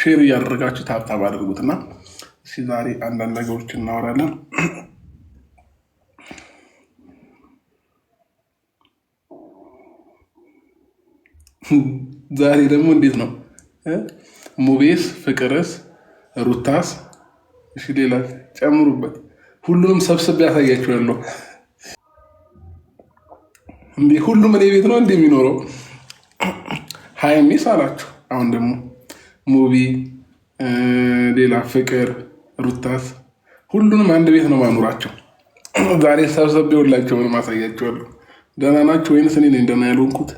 ሼር እያደረጋችሁ ታብታብ አድርጉትና እስኪ ዛሬ አንዳንድ ነገሮች እናወራለን። ዛሬ ደግሞ እንዴት ነው ሙቤስ፣ ፍቅርስ፣ ሩታስ እሺ፣ ሌላ ጨምሩበት። ሁሉንም ሰብስብ ያሳያችኋለሁ። ሁሉም እኔ ቤት ነው እንደሚኖረው ሀይሚስ አላችሁ። አሁን ደግሞ ሙቢ፣ ሌላ ፍቅር፣ ሩታስ ሁሉንም አንድ ቤት ነው ማኖራቸው። ዛሬ ሰብሰብ የወላቸውን ማሳያቸዋለሁ። ደህና ናቸው ወይንስ እኔ እንደና ያልሆንኩት?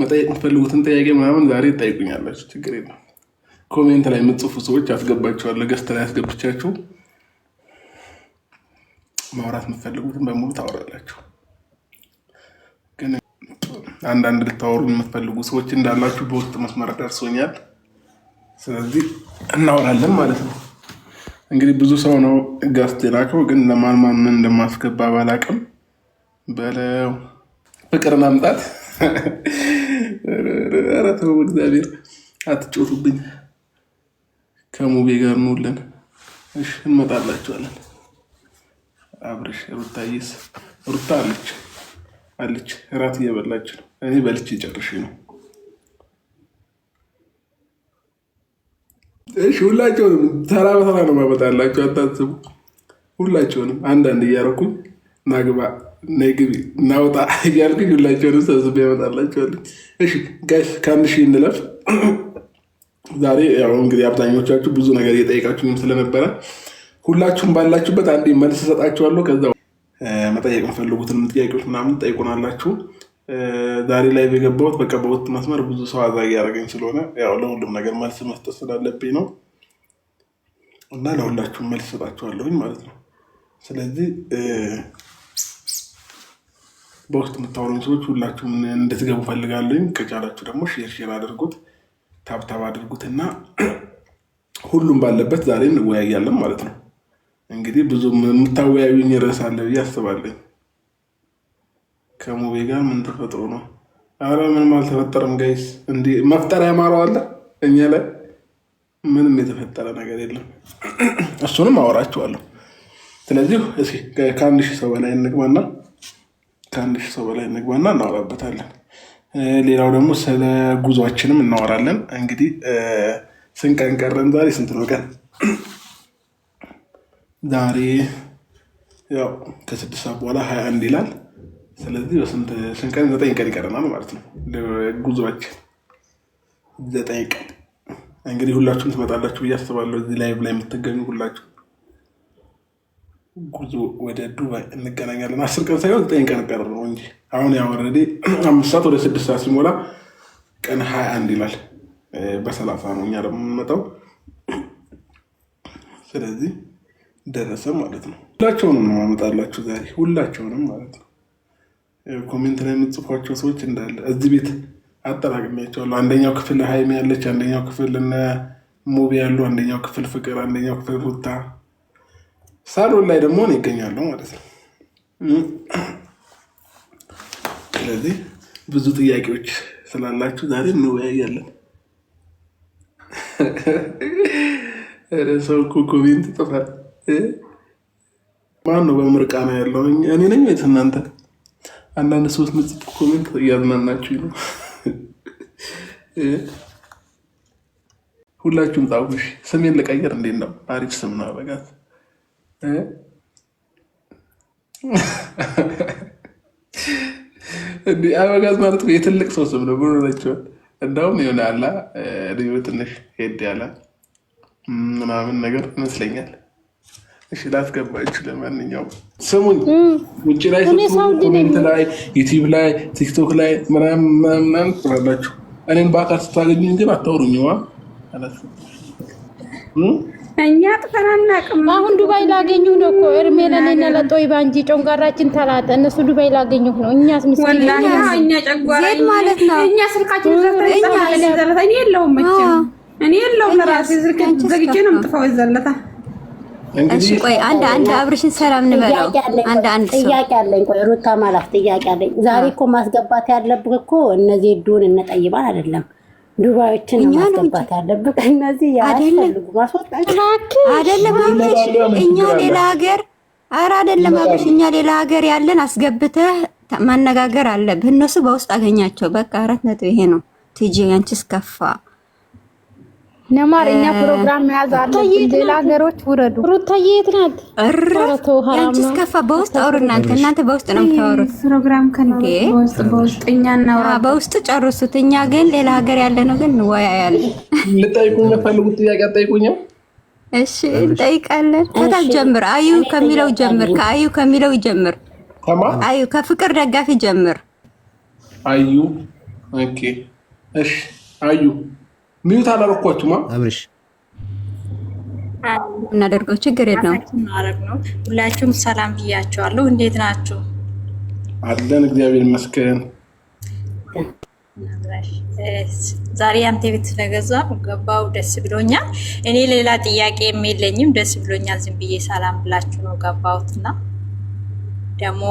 መጠየቅ የምትፈልጉትን ጥያቄ ምናምን ዛሬ ትጠይቁኛላችሁ። ችግር የለም። ኮሜንት ላይ የምትጽፉ ሰዎች አስገባቸዋለሁ። ገስት ላይ አስገብቻችሁ ማውራት የምትፈልጉትን በሙሉ ታወራላችሁ። አንዳንድ ልታወሩ የምትፈልጉ ሰዎች እንዳላችሁ በውስጥ መስመር ደርሶኛል። ስለዚህ እናወራለን ማለት ነው። እንግዲህ ብዙ ሰው ነው ጋስት የላከው፣ ግን ለማን ማን ምን እንደማስገባ ባላቅም በለው ፍቅር ማምጣት ኧረ ተው እግዚአብሔር አትጮቱብኝ። ከሙቤ ጋር እንውለን። እሺ እንመጣላችኋለን። አብርሽ ሩታዬስ ሩታ አለች አለች እራት እየበላች ነው። እኔ በልቼ ጨርሼ ነው። እሺ ሁላቸውንም ተራ በተራ ነው ማመጣላቸው፣ አታስቡ። ሁላቸውንም አንዳንድ እያደረኩኝ ናግባ፣ ነግቢ፣ ናውጣ እያልኩኝ ሁላቸውንም ሰብስቤ ያመጣላቸዋለሁ። እሺ ጋሽ ከአንድ ሺህ እንለፍ። ዛሬ ያው እንግዲህ አብዛኞቻችሁ ብዙ ነገር እየጠየቃችሁኝም ስለነበረ ሁላችሁም ባላችሁበት አንዴ መልስ እሰጣችኋለሁ። ከዛ መጠየቅ የምፈልጉትን ጥያቄዎች ምናምን ጠይቁናላችሁ። ዛሬ ላይ የገባሁት በቃ በወጥ መስመር ብዙ ሰው አዛጊ ያደረገኝ ስለሆነ ያው ለሁሉም ነገር መልስ መስጠት ስላለብኝ ነው እና ለሁላችሁም መልስ ሰጣችኋለሁኝ ማለት ነው። ስለዚህ በውስጥ የምታወሩኝ ሰዎች ሁላችሁም እንድትገቡ ፈልጋለኝ። ከቻላችሁ ደግሞ ሼር ሼር አድርጉት፣ ታብታብ አድርጉት እና ሁሉም ባለበት ዛሬ እንወያያለን ማለት ነው። እንግዲህ ብዙ የምታወያዩኝ ርዕስ አለ ብዬ አስባለኝ። ከሙቤ ጋር ምን ተፈጥሮ ነው? አረ ምንም አልተፈጠረም ጋይስ። እንዲህ መፍጠር ያማረው አለ እኛ ላይ ምንም የተፈጠረ ነገር የለም። እሱንም አወራችኋለሁ። ስለዚህ እስኪ ከአንድ ሺህ ሰው በላይ እንግባና ከአንድ ሺህ ሰው በላይ እንግባና እናወራበታለን። ሌላው ደግሞ ስለ ጉዟችንም እናወራለን። እንግዲህ ስንት ቀን ቀረን? ዛሬ ስንት ነው ቀን? ዛሬ ያው ከስድስት ሰዓት በኋላ ሀያ አንድ ይላል። ስለዚህ በስንት ቀን? ዘጠኝ ቀን ይቀረናል ማለት ነው ጉዞችን ዘጠኝ ቀን እንግዲህ ሁላችሁም ትመጣላችሁ ብዬ አስባለሁ። እዚህ ላይቭ ላይ የምትገኙ ሁላችሁ ጉዞ ወደ ዱባይ እንገናኛለን። አስር ቀን ሳይሆን ዘጠኝ ቀን ቀር ነው እንጂ አሁን ያወረዴ አምስት ሰዓት ወደ ስድስት ሰዓት ሲሞላ ቀን ሀያ አንድ ይላል። በሰላሳ ነው እኛ ደግሞ የምንመጣው። ስለዚህ ደረሰ ማለት ነው። ሁላቸውንም ነው ማመጣላችሁ ዛሬ ሁላቸውንም ማለት ነው። ኮሜንት ላይ የምትጽፏቸው ሰዎች እንዳለ እዚህ ቤት አጠራቅሚያቸዋለሁ። አንደኛው ክፍል ሀይሚ ያለች፣ አንደኛው ክፍል እነ ሙቢ ያሉ፣ አንደኛው ክፍል ፍቅር፣ አንደኛው ክፍል ሩታ። ሳሎን ላይ ደግሞ ነው ይገኛሉ ማለት ነው። ስለዚህ ብዙ ጥያቄዎች ስላላችሁ ዛሬ እንወያያለን። ሰው እኮ ኮሜንት ማን ነው በምርቃና ያለው? እኔ ነኝ ወይስ እናንተ? አንዳንድ ሰዎች ምጽት ኮሜንት እያዝናናችሁ ነው። ሁላችሁም ጻፉሽ። ስሜን ልቀይር እንዴት ነው? አሪፍ ስም ነው አበጋዝ። አበጋዝ ማለት የትልቅ ሰው ስም ነው ብሎላቸዋል። እንዳውም የሆነ አላ ልዩ ትንሽ ሄድ ያለ ምናምን ነገር ይመስለኛል እሺ ላስገባችሁ። ለማንኛውም ስሙኝ፣ ውጭ ላይ ኮሜንት ላይ ዩቲዩብ ላይ ቲክቶክ ላይ ምናምናምናም ትላላችሁ። እኔም በአካል ስታገኙኝ ግን አታውሩኝ። እኛ ጥፈን አናውቅም። አሁን ዱባይ ላገኙ ነው እኮ እርሜ ለኔና ለጦይባ እንጂ ጮንጋራችን ተላጠ። እነሱ ዱባይ ላገኙ ነው። እኛ ስምስዜድ ስልካችን ዘለታ እኔ የለውም መቼም እኔ የለውም ለራሴ ስልክ ዘግቼ ነው የምጥፋው ዘለታ እሺ ቆይ አንድ አንድ አብርሽን ሰላም እንበለው። ጥያቄ አለኝ። ቆይ ሩታ ጥያቄ አለኝ። ዛሬ እኮ ማስገባት ያለብህ እኮ እነዚህ ዱን እነጠይባን አይደለም ዱባዮችን ማስገባት ያለብህ እነዚህ ያስፈልጉ አይደለም አብርሽ። እኛ ሌላ ሀገር አይደለም አብርሽ፣ እኛ ሌላ ሀገር ያለን አስገብተህ ማነጋገር አለብህ። እነሱ በውስጥ አገኛቸው። በቃ አራት ነጥብ ይሄ ነው። ቲጂ ያንቺስ ከፋ ነማር እኛ ፕሮግራም መያዝ አለብን። ሌላ ሀገሮች ውረዱ። ሩታዬ የት ናት? ያንቺስ በውስጥ አውሩ እናንተ እናንተ በውስጥ ነው የምታወሩት። ፕሮግራም ከንዴ እኛ እናውራ፣ በውስጥ ጨርሱት። እኛ ግን ሌላ ሀገር ያለ ነው ግን እንወያያለን። ልጠይቁኝ የምትፈልጉት ጥያቄ አትጠይቁኝ? እሺ እንጠይቃለን። ከታች ጀምር። አዩ ከሚለው ጀምር። ከአዩ ከሚለው ጀምር። አዩ ከፍቅር ደጋፊ ጀምር። አዩ ኦኬ። እሺ አዩ ሚዩት አላረኳችሁማ። አብርሽ እናደርገው ችግር የለውም ሁላችሁም ሰላም ብያቸዋለሁ። እንዴት ናችሁ? አለን እግዚአብሔር ይመስገን። ዛሬ አንተ ቤት ስለገዛ ገባው ደስ ብሎኛል። እኔ ሌላ ጥያቄ የለኝም፣ ደስ ብሎኛል። ዝም ብዬ ሰላም ብላችሁ ነው ገባሁትና ደግሞ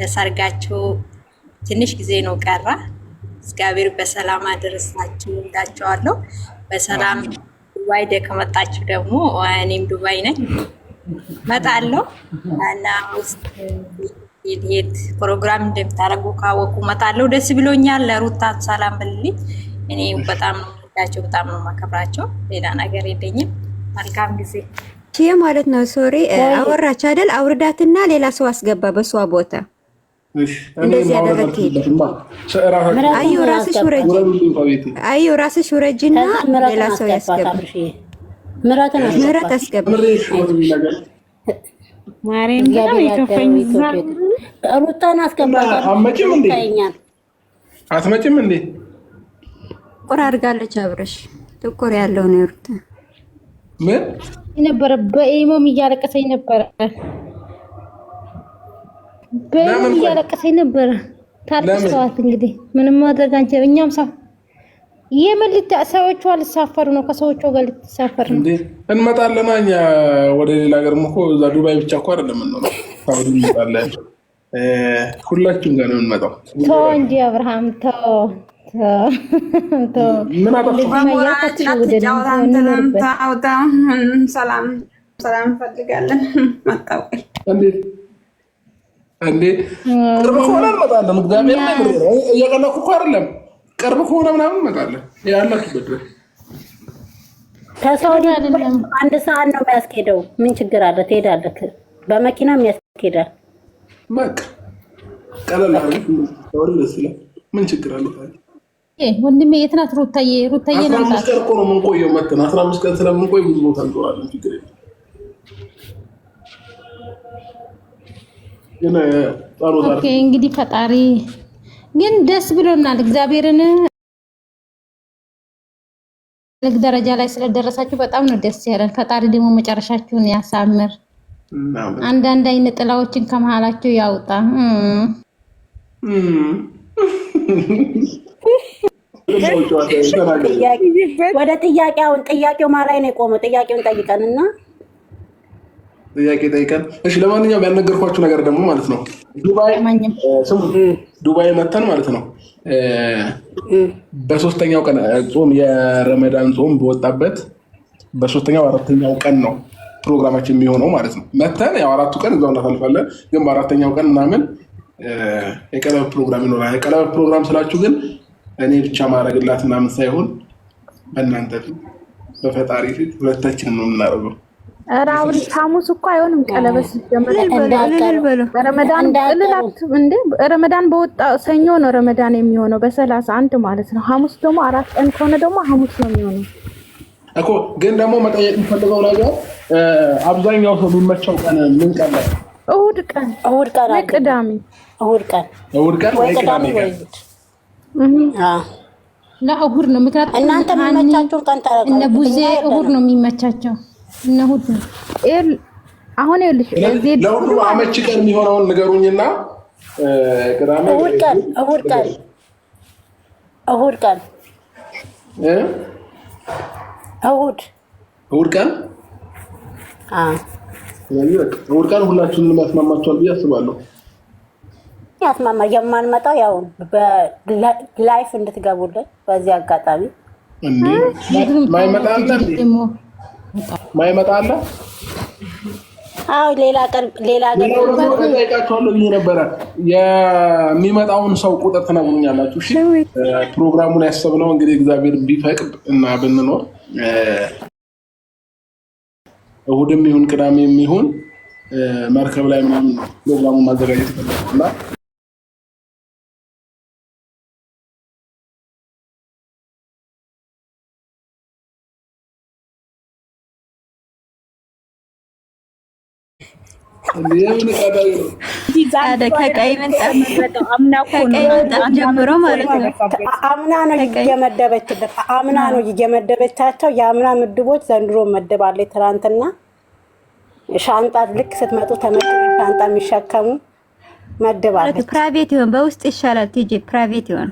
ለሰርጋችሁ ትንሽ ጊዜ ነው ቀራ እግዚአብሔር በሰላም አደረሳችሁ እንዳቸዋለሁ። በሰላም ዱባይ ከመጣችሁ ደግሞ እኔም ዱባይ ነኝ መጣለሁ እና ውስጥ ፕሮግራም እንደምታደርጉ ካወቁ መጣለሁ። ደስ ብሎኛል። ለሩታ ሰላም ብልልኝ። እኔ በጣም ነው የምወዳቸው፣ በጣም ነው ማከብራቸው። ሌላ ነገር የለኝም። መልካም ጊዜ ማለት ነው። ሶሪ አወራች አይደል? አውርዳትና ሌላ ሰው አስገባ በሷ ቦታ ራስሽ ውረጅና ሌላ ሰው ያስገባል። ምህረት አስገባል። ሩታን አስገባልኛል። አትመጭም እንዴ? ጥቁር አድርጋለች። አብረሽ ጥቁር ያለው ነው ሩታ ምን ነበረ? በኢሞም እያለቀሰኝ ነበረ በምን እያለቀሰኝ ነበረ። ሰዋት እንግዲህ ምንም ማድረግ አንቺ እኛም ሰው የምን ሰዎቿ ልሳፈሩ ነው፣ ከሰዎቿ ጋር ልትሳፈር ነው። እንመጣለና እኛ ወደ ሌላ ሀገር እኮ እዛ ዱባይ ብቻ እኮ አይደለም እንሆነ ሳውዲ እንመጣለን። ሁላችሁም ጋር ነው የምንመጣው። ተው እንጂ አብርሃም ተው ሰላም ሰላም እንፈልጋለን። መጣው እንዴት እንዴ ቅርብ ከሆነ እንመጣለን። እግዚአብሔር እየቀለኩ እኮ አይደለም። ቅርብ ከሆነ ምናምን እንመጣለን። ያላችሁበት ከሳውዲ አንድ ሰዓት ነው የሚያስኬደው። ምን ችግር አለ? ትሄዳለህ። በመኪና የሚያስኬዳል። መቅ ቀለል ምን ችግር አለ? ወንድሜ የት ናት ሩታዬ? ሩታዬ ናት። ነው የምንቆየው። መተን አስራ አምስት ቀን ስለምንቆይ ብዙ ቦታ እንጦራለን። ችግር የለም እንግዲህ ፈጣሪ ግን ደስ ብሎናል። እግዚአብሔርን ልክ ደረጃ ላይ ስለደረሳችሁ በጣም ነው ደስ ያለን። ፈጣሪ ደግሞ መጨረሻችሁን ያሳምር፣ አንዳንድ አይነ ጥላዎችን ከመሀላችሁ ያውጣ። ወደ ጥያቄውን ጥያቄው ማላይ ነው የቆመው ጥያቄውን ጠይቀን ጥያቄ ጠይቀን እሺ። ለማንኛውም ያልነገርኳችሁ ነገር ደግሞ ማለት ነው ዱባይ መተን ማለት ነው በሶስተኛው ቀን ጾም የረመዳን ጾም በወጣበት በሶስተኛው አራተኛው ቀን ነው ፕሮግራማችን የሚሆነው ማለት ነው። መተን ያው አራቱ ቀን እዛው እናሳልፋለን፣ ግን በአራተኛው ቀን ምናምን የቀለበት ፕሮግራም ይኖራል። የቀለበት ፕሮግራም ስላችሁ ግን እኔ ብቻ ማድረግላት ምናምን ሳይሆን በእናንተ በፈጣሪ ፊት ሁለታችን ነው የምናደርገው። ራውን አሁን ሐሙስ እኮ አይሆንም። ቀለበት ረመዳን በወጣ ሰኞ ነው ረመዳን የሚሆነው በሰላሳ አንድ ማለት ነው። ሐሙስ ደግሞ አራት ቀን ከሆነ ደግሞ ሐሙስ ነው የሚሆነው እኮ። ግን ደግሞ መጠየቅ የሚፈልገው ነገር አብዛኛው ሰው የሚመቸው ቀን ምን ቀን ነው? እሑድ ቀን፣ እሑድ ቀን፣ ቅዳሜ፣ እሑድ ቀን፣ እሑድ ቀን ወይ ቅዳሜ ወይ እሑድ ነው። ምክንያቱም እናንተ የሚመቻቸውን ቀን እነ ቡዜ እሑድ ነው የሚመቻቸው እነ እሑድ ነው። አሁን ይኸውልሽ ለሁሉ አመቺ ቀን የሚሆነውን ንገሩኝና እሑድ ቀን እሑድ ቀን እሑድ እሑድ ቀን እሑድ ቀን ሁላችሁንም ያስማማችኋል ብዬ አስባለሁ። ያስማማ የማንመጣው ያው ላይፍ እንድትገቡልን በዚህ አጋጣሚ ማይመጣ ማይመጣ አለ። አዎ ሌላ ቀን ሌላ ቀን ጠይቃቸዋለሁ ብዬ ነበረ። የሚመጣውን ሰው ቁጥር ትነግሩኛላችሁ። እሺ ፕሮግራሙን ያሰብነው እንግዲህ እግዚአብሔር ቢፈቅድ እና ብንኖር እሁድም ይሁን ቅዳሜም ይሁን መርከብ ላይ ምናምን ፕሮግራሙን ማዘጋጀት እና ከቀይ ምንጣፍ ጀምሮ ማለት ነው። አምና ነው እየመደበችበት፣ አምና ነው እየመደበቻቸው። የአምና ምድቦች ዘንድሮ መደባለች። ትናንትና ሻንጣ ልክ ስትመጡ ተመ ሻንጣ የሚሸከሙ መደባለች። ፕራይቬት ይሆን በውስጥ ይሻላል። ቲጂ ፕራይቬት ይሆን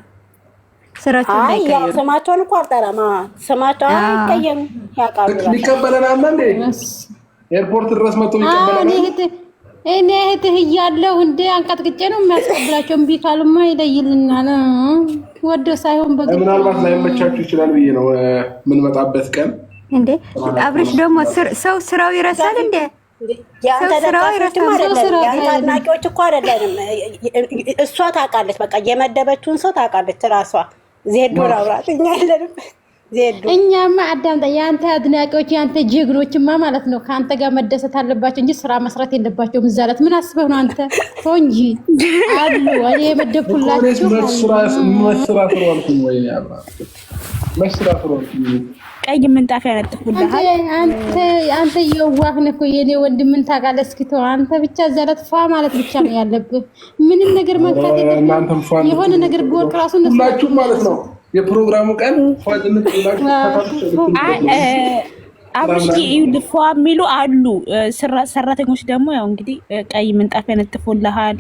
ስማቸውን እኮ አልጠራማ። ስማቸው አይቀየሩ። ያውቃሉ። ይቀበለናል። ኤርፖርት ድረስ መጥቶ ይቀበለናል። እኔ እህትህ እያለሁ እንደ አንቀጥቅጬ ነው የሚያስቀብላቸው። እምቢ ካሉማ ይለይልናል። ወደው ሳይሆን በምናልባት ላይመቻችሁ ይችላል ብዬ ነው የምንመጣበት ቀን። እንዴ አብርሽ ደግሞ ሰው ስራው ይረሳል እንዴ? አድናቂዎች እኮ አይደለንም። እሷ ታውቃለች፣ በቃ የመደበችውን ሰው ታውቃለች። ራሷ ዜዶ ራውራት እኛ የለንም። እኛማ አዳምጣ፣ የአንተ አድናቂዎች የአንተ ጀግኖችማ ማለት ነው ከአንተ ጋር መደሰት አለባቸው እንጂ ስራ መስራት የለባቸውም። እዛ ዕለት ምን አስበህ ነው አንተ ሰው እንጂ አሉ እኔ የመደብኩላቸው ቀይ ምንጣፍ ያነጥፉልሃል። አንተ የዋህን እኮ የኔ ወንድም ምን ታውቃለህ? እስኪ ተው አንተ ብቻ እዛ ዕለት ፏ ማለት ብቻ ነው ያለብህ። ምንም ነገር መንካት የሆነ ነገር ብወርቅ ራሱ ማለት ነው የፕሮግራሙ ቀን አብሽዬ ይልፎ የሚሉ አሉ። ሰራተኞች ደግሞ ያው እንግዲህ ቀይ ምንጣፍ ያነጥፉልሃል።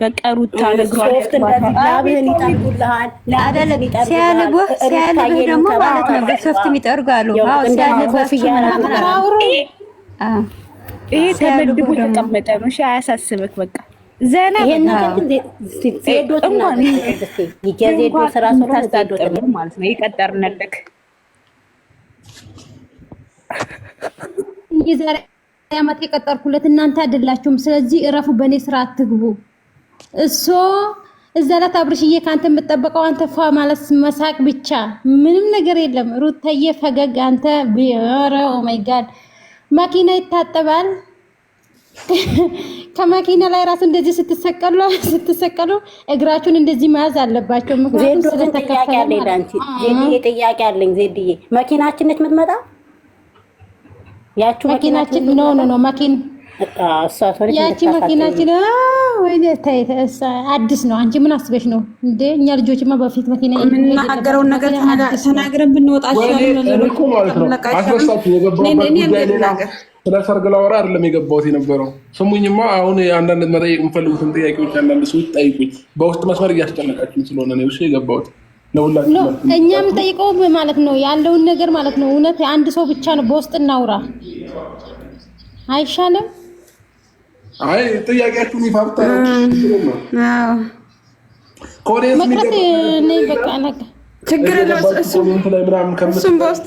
በቀሩት ሲያልጉህ ደግሞ ማለት ነው በሶፍት የሚጠርጉ አሉ። ይሄ ተመድቡ ተቀመጠ ነው። እሺ አያሳስብክ በቃ ዘና የቀጠርኩለት እናንተ አይደላችሁም። ስለዚህ እረፉ፣ በእኔ ስራ አትግቡ። እሶ እዛ ላት አብርሽዬ ከአንተ የምጠበቀው አንተ ፏ ማለት መሳቅ ብቻ ምንም ነገር የለም። ሩታዬ ፈገግ አንተ ቢሮ ኦ መኪና ይታጠባል ከመኪና ላይ ራሱ እንደዚህ ስትሰቀሉ ስትሰቀሉ እግራችሁን እንደዚህ መያዝ አለባቸው። ምክንያቱም ስለተከፈለ ዜድዬ ጥያቄ አለኝ። ዜድዬ መኪናችን ነች የምትመጣ ያችሁ መኪናችን ነው ነው ነው መኪና ያቺ መኪናችን ወይ አዲስ ነው። አንቺ ምን አስበሽ ነው እንዴ? እኛ ልጆችማ በፊት መኪና የምናገረውን ነገር ተናግረን ብንወጣ ይችላል። ስለ ሰርግ ላወራ አይደለም የገባሁት የነበረው። ስሙኝማ አሁን አንዳንድ መጠየቅ የምፈልጉትን ጥያቄዎች አንዳንድ ሰዎች ጠይቁኝ። በውስጥ መስመር እያስጨነቃችሁኝ ስለሆነ ነው እሱ የገባሁት። እኛም እኛ ማለት ነው ያለውን ነገር ማለት ነው። እውነት አንድ ሰው ብቻ ነው በውስጥ እናውራ አይሻልም? አይ ጥያቄያችሁን ይፋ ብታረጉ መቅረት በቃ ነገር ችግር በውስጥ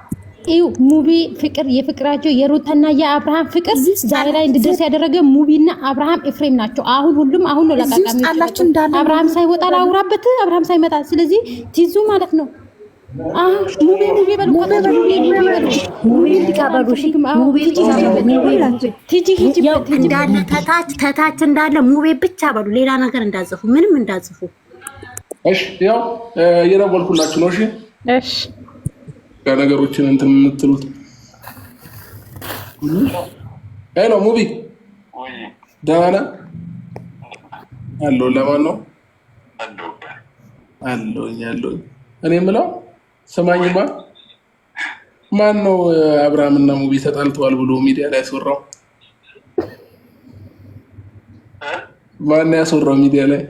ይው ሙቢ ፍቅር የፍቅራቸው የሩታና የአብርሃም ፍቅር ዛሬ ላይ እንድደርስ ያደረገ ሙቢና አብርሃም ኤፍሬም ናቸው። አሁን ሁሉም አሁን ነው ለቃቃሚ አብርሃም ሳይወጣ ላውራበት አብርሃም ሳይመጣ ስለዚህ ቲዙ ማለት ነው። ሙቢ እንዳለ ተታች ተታች እንዳለ ሙቤ ብቻ በሉ። ሌላ ነገር እንዳጽፉ ምንም እንዳጽፉ። እሺ ያው የደወልኩላችሁ ነው። እሺ እሺ ነገሮችን እንትን የምትሉት ነው። ሙቢ ደህና ነህ አለው። ለማን ነው አለኝ አለኝ። እኔ የምለው ስማኝማ፣ ማን ነው አብርሃም እና ሙቢ ተጣልተዋል ብሎ ሚዲያ ላይ ያስወራው? ማን ነው ያስወራው ሚዲያ ላይ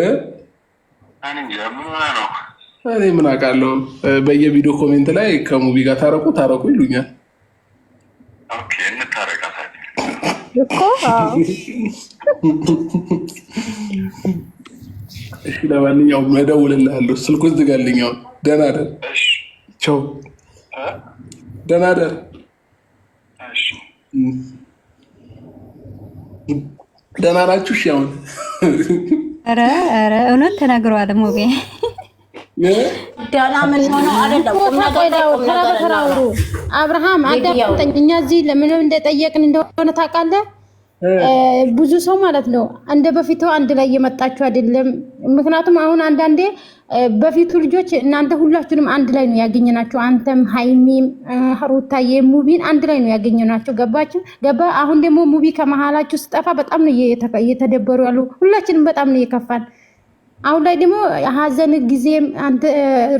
እ እኔ ምን አውቃለሁ። በየቪዲዮ ኮሜንት ላይ ከሙቪ ጋር ታረቁ ታረቁ ይሉኛል እሺ ለማንኛውም እደውልልሃለሁ። ስልኩ ዝጋልኛው። አሁን ደህና ደር ቸው ደህና ደር ደህና ናችሁ? እሺ አሁን ኧረ ኧረ እውነት ተናግረዋል። ሙቤ አብርሃም አዳምጠኝ። እኛ እዚህ ለምን እንደጠየቅን እንደሆነ ታውቃለህ። ብዙ ሰው ማለት ነው እንደ በፊቱ አንድ ላይ እየመጣችሁ አይደለም። ምክንያቱም አሁን አንዳንዴ በፊቱ ልጆች እናንተ ሁላችንም አንድ ላይ ነው ያገኘናቸው። አንተም ሀይሚም ሩታዬ ሙቢን አንድ ላይ ነው ያገኘናቸው። ገባችሁ ገባ። አሁን ደግሞ ሙቢ ከመሀላችሁ ስጠፋ በጣም ነው እየተደበሩ ያሉ። ሁላችንም በጣም ነው የከፋን። አሁን ላይ ደግሞ ሀዘን ጊዜም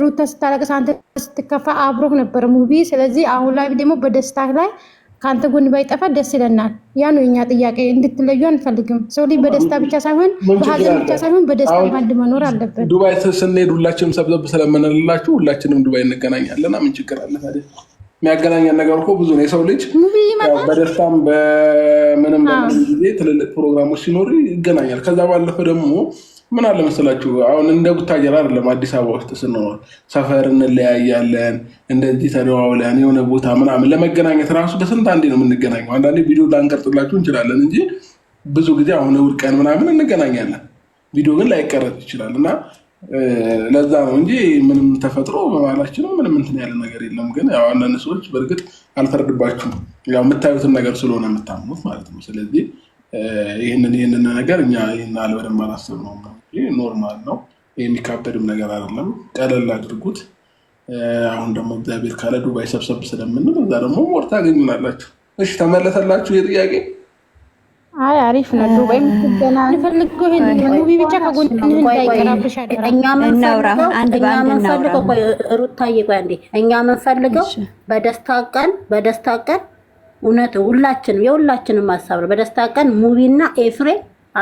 ሩታ ስታለቅስ፣ አንተ ስትከፋ አብሮህ ነበር ሙቢ። ስለዚህ አሁን ላይ ደግሞ በደስታ ላይ ከአንተ ጎን ባይጠፋ ደስ ይለናል። ያ ነው የኛ ጥያቄ። እንድትለዩ አንፈልግም። ሰው ልጅ በደስታ ብቻ ሳይሆን በሀዘን ብቻ ሳይሆን በደስታ አንድ መኖር አለበት። ዱባይ ስንሄድ ሁላችንም ሰብሰብ ስለምንልላችሁ ሁላችንም ዱባይ እንገናኛለና ምን ችግር አለ ታዲያ? የሚያገናኘን ነገር እኮ ብዙ ነው። የሰው ልጅ በደስታም በምንም ጊዜ ትልልቅ ፕሮግራሞች ሲኖሩ ይገናኛል። ከዛ ባለፈ ደግሞ ምን አለ መሰላችሁ፣ አሁን እንደ ቡታጀራ አይደለም አዲስ አበባ ውስጥ ስንኖር ሰፈር እንለያያለን፣ እንደዚህ ተደዋውለን የሆነ ቦታ ምናምን ለመገናኘት ራሱ በስንት አንዴ ነው የምንገናኘው። አንዳንዴ ቪዲዮ ላንቀርጽላችሁ እንችላለን እንጂ ብዙ ጊዜ አሁን እሑድ ቀን ምናምን እንገናኛለን። ቪዲዮ ግን ላይቀረጥ ይችላል እና ለዛ ነው እንጂ ምንም ተፈጥሮ በባህላችን ምንም እንትን ያለ ነገር የለም። ግን ያው አንዳንድ ሰዎች በእርግጥ አልፈርድባችሁም፣ ያው የምታዩትን ነገር ስለሆነ የምታምኑት ማለት ነው። ስለዚህ ይህንን ይህንን ነገር እኛ ይህን አለ በደንብ ነው። ይህ ኖርማል ነው፣ የሚካበድም ነገር አይደለም። ቀለል አድርጉት። አሁን ደግሞ እግዚአብሔር ካለ ዱባይ ሰብሰብ ስለምንል እዛ ደግሞ ሞር ታገኙናላችሁ። እሺ ተመለሰላችሁ የጥያቄ? አይ አሪፍ ነው። ዱባይ ምትገና ብቻ ከጎን እንዳይቀራብሽ አደራ። ምንፈልገው ሩታ እየቆያ እንዴ እኛ ምንፈልገው በደስታ ቀን በደስታ ቀን እውነት ሁላችንም የሁላችንም ሀሳብ ነው። በደስታ ቀን ሙቢና ኤፍሬ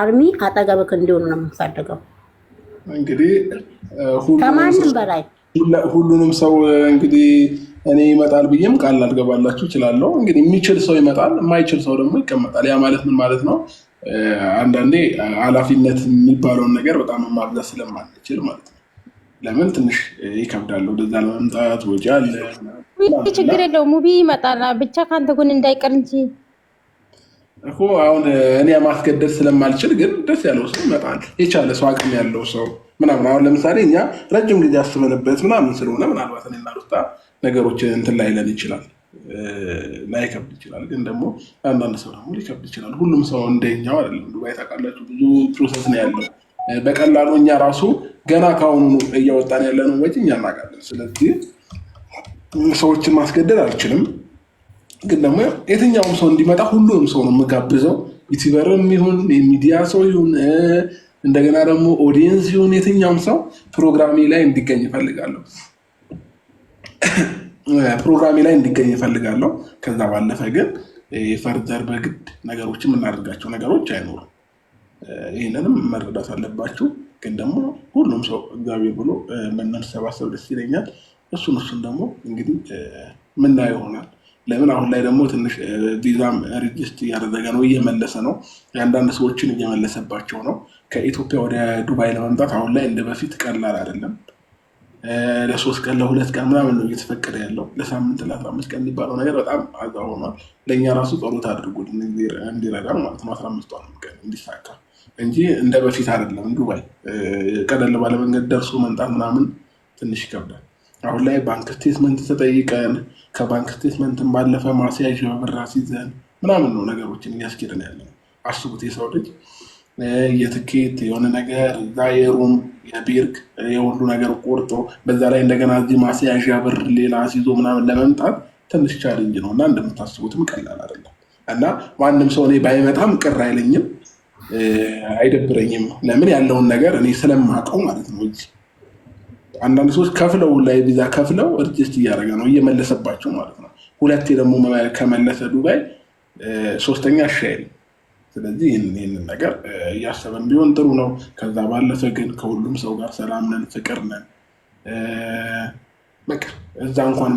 አርሚ አጠገብክ እንዲሆኑ ነው የምንፈልገው። እንግዲህ ከማንም በላይ ሁሉንም ሰው እንግዲህ እኔ ይመጣል ብዬም ቃል ላልገባላችሁ እችላለሁ። እንግዲህ የሚችል ሰው ይመጣል፣ የማይችል ሰው ደግሞ ይቀመጣል። ያ ማለት ምን ማለት ነው? አንዳንዴ ኃላፊነት የሚባለውን ነገር በጣም ማብዛት ስለማንችል ማለት ነው። ለምን ትንሽ ይከብዳል። ወደዛ ለመምጣት ወጪ አለ። ችግር የለው ሙቢ ይመጣል። ብቻ ከአንተ ጎን እንዳይቀር እንጂ እኮ አሁን እኔ ማስገደድ ስለማልችል፣ ግን ደስ ያለው ሰው ይመጣል። የቻለ ሰው አቅም ያለው ሰው ምናምን። አሁን ለምሳሌ እኛ ረጅም ጊዜ አስበንበት ምናምን ስለሆነ ምናልባት እኔና ሩታ ነገሮችን እንትን ላይለን ይችላል፣ ላይከብድ ይችላል። ግን ደግሞ አንዳንድ ሰው ደግሞ ሊከብድ ይችላል። ሁሉም ሰው እንደኛው አይደለም። ዱባይ ታውቃላችሁ፣ ብዙ ፕሮሰስ ነው ያለው በቀላሉ እኛ ራሱ ገና ከአሁኑ እያወጣን ነው ወጪ እኛ እናውቃለን። ስለዚህ ሰዎችን ማስገደድ አልችልም። ግን ደግሞ የትኛውም ሰው እንዲመጣ ሁሉንም ሰው ነው የምጋብዘው። ዩቲበርም ይሁን የሚዲያ ሰው ይሁን እንደገና ደግሞ ኦዲየንስ ይሁን የትኛውም ሰው ፕሮግራሜ ላይ እንዲገኝ እፈልጋለሁ። ፕሮግራሜ ላይ እንዲገኝ እፈልጋለሁ። ከዛ ባለፈ ግን የፈርዘር በግድ ነገሮችን የምናደርጋቸው ነገሮች አይኖሩም። ይህንንም መረዳት አለባችሁ። ግን ደግሞ ሁሉም ሰው እግዚአብሔር ብሎ የምንሰባሰብ ደስ ይለኛል። እሱን እሱን ደግሞ እንግዲህ ምና ይሆናል። ለምን አሁን ላይ ደግሞ ትንሽ ቪዛም ሪጅስት እያደረገ ነው፣ እየመለሰ ነው። የአንዳንድ ሰዎችን እየመለሰባቸው ነው። ከኢትዮጵያ ወደ ዱባይ ለመምጣት አሁን ላይ እንደ በፊት ቀላል አይደለም። ለሶስት ቀን ለሁለት ቀን ምናምን ነው እየተፈቀደ ያለው። ለሳምንት ለአስራ አምስት ቀን የሚባለው ነገር በጣም አዛ ሆኗል። ለእኛ ራሱ ጸሎት አድርጉልን እንዲረዳን ማለት ነው። አስራ አምስት ቀን እንዲሳካ እንጂ እንደ በፊት አይደለም። ዱባይ ቀደል ባለመንገድ ደርሶ መምጣት ምናምን ትንሽ ይከብዳል። አሁን ላይ ባንክ ስቴትመንት ተጠይቀን ከባንክ ስቴትመንትን ባለፈ ማስያዣ ብር ይዘን ምናምን ነው ነገሮችን እያስኬደን ያለ። አስቡት የሰው ልጅ የትኬት የሆነ ነገር እዛ የሩም የቢርግ የሁሉ ነገር ቆርጦ በዛ ላይ እንደገና እዚህ ማስያዣ ብር ሌላ ሲዞ ምናምን ለመምጣት ትንሽ ቻሌንጅ ነው እና እንደምታስቡትም ቀላል አይደለም። እና ማንም ሰው እኔ ባይመጣም ቅር አይለኝም፣ አይደብረኝም። ለምን ያለውን ነገር እኔ ስለማውቀው ማለት ነው። እዚህ አንዳንድ ሰዎች ከፍለው ላይ ቪዛ ከፍለው እርጅስት እያደረገ ነው እየመለሰባቸው ማለት ነው። ሁለቴ ደግሞ ከመለሰ ዱባይ ሶስተኛ አሻይል ስለዚህ ይህንን ነገር እያሰበን ቢሆን ጥሩ ነው። ከዛ ባለፈ ግን ከሁሉም ሰው ጋር ሰላም ነን፣ ፍቅር ነን። በቃ እዛ እንኳን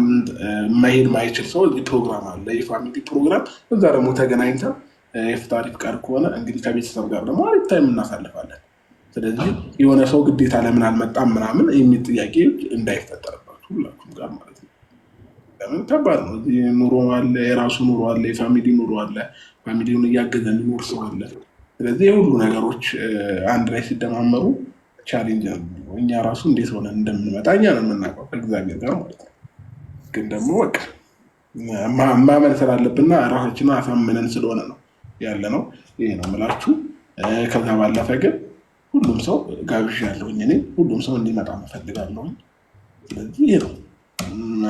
መሄድ ማይችል ሰው እዚህ ፕሮግራም አለ፣ የፋሚሊ ፕሮግራም። እዛ ደግሞ ተገናኝተን የፍጣሪ ፍቃድ ከሆነ እንግዲህ ከቤተሰብ ጋር ደግሞ አሪፍ ታይም እናሳልፋለን። ስለዚህ የሆነ ሰው ግዴታ ለምን አልመጣም ምናምን የሚል ጥያቄ እንዳይፈጠርባችሁ ሁላችሁም ጋር ማለት ነው። ለምን ከባድ ነው። ኑሮ አለ፣ የራሱ ኑሮ አለ፣ የፋሚሊ ኑሮ አለ፣ ፋሚሊውን እያገዘ የሚኖር ሰው አለ። ስለዚህ የሁሉ ነገሮች አንድ ላይ ሲደማመሩ ቻሌንጅ ነው። እኛ ራሱ እንዴት ሆነን እንደምንመጣ እኛ ነው የምናውቀው ከእግዚአብሔር ጋር ማለት ነው። ግን ደግሞ በቃ ማመን ስላለብና ራሳችንን አሳምነን ስለሆነ ነው ያለ ነው። ይሄ ነው የምላችሁ። ከዛ ባለፈ ግን ሁሉም ሰው ጋብዣ ያለውኝ እኔ ሁሉም ሰው እንዲመጣ እፈልጋለሁኝ። ስለዚህ ይሄ ነው።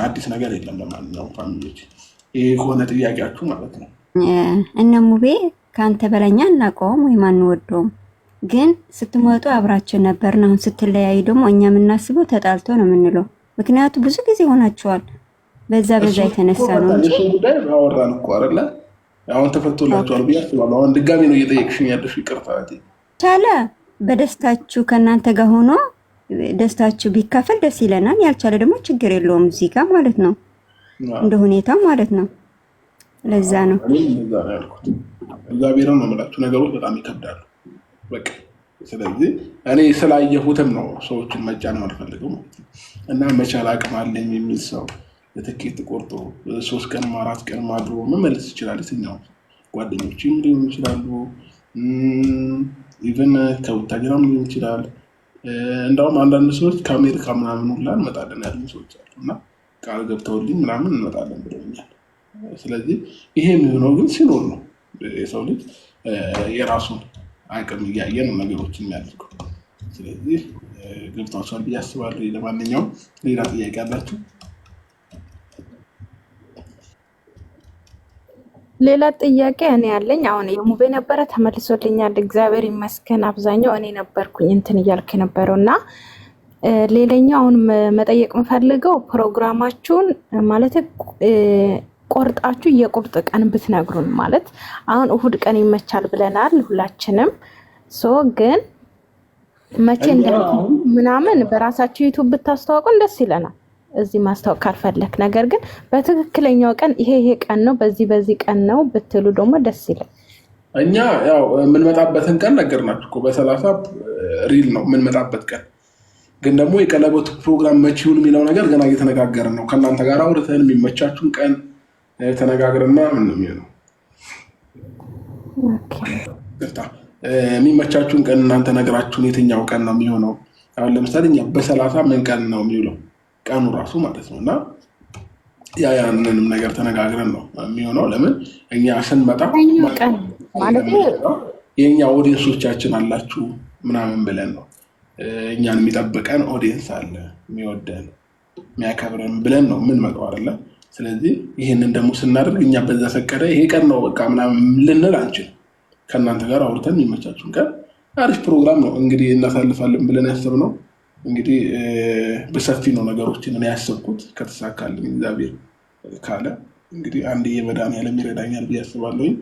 አዲስ ነገር የለም። ለማንኛውም ፋሚሊዎች ይሄ ከሆነ ጥያቄያችሁ ማለት ነው። እነ ሙቤ ከአንተ በላኛ እናቀውም ወይም አንወደውም፣ ግን ስትመጡ አብራቸው ነበርን። አሁን ስትለያዩ ደግሞ እኛ የምናስበው ተጣልቶ ነው የምንለው። ምክንያቱ ብዙ ጊዜ ሆናችኋል። በዛ በዛ የተነሳ ነው እንጂ ጉዳይ አወራን እኮ አለ። አሁን ተፈቶላቸዋል ብዬ አስባለሁ። አሁን ድጋሚ ነው እየጠየቅሽኝ ያለሽ ይቅርታ ቻለ በደስታችሁ ከእናንተ ጋር ሆኖ ደስታችሁ ቢካፈል ደስ ይለናል። ያልቻለ ደግሞ ችግር የለውም እዚህ ጋር ማለት ነው፣ እንደ ሁኔታው ማለት ነው። ለዛ ነው እግዚአብሔርን ነው ነገሮች በጣም ይከብዳሉ። በቃ ስለዚህ እኔ ስላየሁትም ነው ሰዎችን መጫን አልፈልግም እና መቻል አቅም አለኝ የሚል ሰው ትኬት ቆርጦ ሶስት ቀን አራት ቀን አድሮ መመለስ ይችላል። የትኛው ጓደኞች ሊሆን ይችላሉ ኢቨን ከቡታጅራም ሊሆን ይችላል እንደውም አንዳንድ ሰዎች ከአሜሪካ ምናምን ሁላ እንመጣለን ያሉ ሰዎች አሉ እና ቃል ገብተውልኝ ምናምን እንመጣለን ብለውኛል። ስለዚህ ይሄ የሚሆነው ግን ሲኖር ነው። የሰው ልጅ የራሱን አቅም እያየ ነው ነገሮችን የሚያደርገው። ስለዚህ ገብታችኋል ብዬ አስባለሁ። ለማንኛውም ሌላ ጥያቄ አላችሁ? ሌላ ጥያቄ እኔ ያለኝ አሁን የሙቤ ነበረ ተመልሶልኛል፣ እግዚአብሔር ይመስገን። አብዛኛው እኔ ነበርኩኝ እንትን እያልክ ነበረው እና ሌላኛው አሁን መጠየቅ የምፈልገው ፕሮግራማችሁን ማለት ቆርጣችሁ የቁርጥ ቀን ብትነግሩን። ማለት አሁን እሁድ ቀን ይመቻል ብለናል ሁላችንም። ሶ ግን መቼ ምናምን በራሳችሁ ዩቱብ ብታስተዋውቁን ደስ ይለናል። እዚህ ማስታወቅ ካልፈለክ፣ ነገር ግን በትክክለኛው ቀን ይሄ ይሄ ቀን ነው፣ በዚህ በዚህ ቀን ነው ብትሉ ደግሞ ደስ ይላል። እኛ ያው የምንመጣበትን ቀን ነገር ናቸው። በሰላሳ ሪል ነው የምንመጣበት ቀን። ግን ደግሞ የቀለበቱ ፕሮግራም መቼውን የሚለው ነገር ገና እየተነጋገርን ነው። ከእናንተ ጋር አውርተን የሚመቻችሁን ቀን ተነጋግርና ምን ነው የሚሆነው የሚመቻችሁን ቀን እናንተ ነገራችሁን የትኛው ቀን ነው የሚሆነው። አሁን ለምሳሌ እኛ በሰላሳ ምን ቀን ነው የሚውለው ቀኑ ራሱ ማለት ነው እና ያ ያንንም ነገር ተነጋግረን ነው የሚሆነው። ለምን እኛ ስንመጣ የእኛ ኦዲየንሶቻችን አላችሁ ምናምን ብለን ነው እኛን የሚጠብቀን ኦዲየንስ አለ የሚወደን የሚያከብረን ብለን ነው የምንመጣው አይደለ? ስለዚህ ይህንን ደግሞ ስናደርግ እኛ በዛ ፈቀደ ይሄ ቀን ነው በቃ ምናምን ልንል አንችል። ከእናንተ ጋር አውርተን የሚመቻችሁን ቀን አሪፍ ፕሮግራም ነው እንግዲህ እናሳልፋለን ብለን ያስብ ነው። እንግዲህ በሰፊ ነው ነገሮችን እኔ ያሰብኩት። ከተሳካልኝ እግዚአብሔር ካለ እንግዲህ አንድ የመድኃኒዓለም ይረዳኛል ብዬ አስባለሁኝ።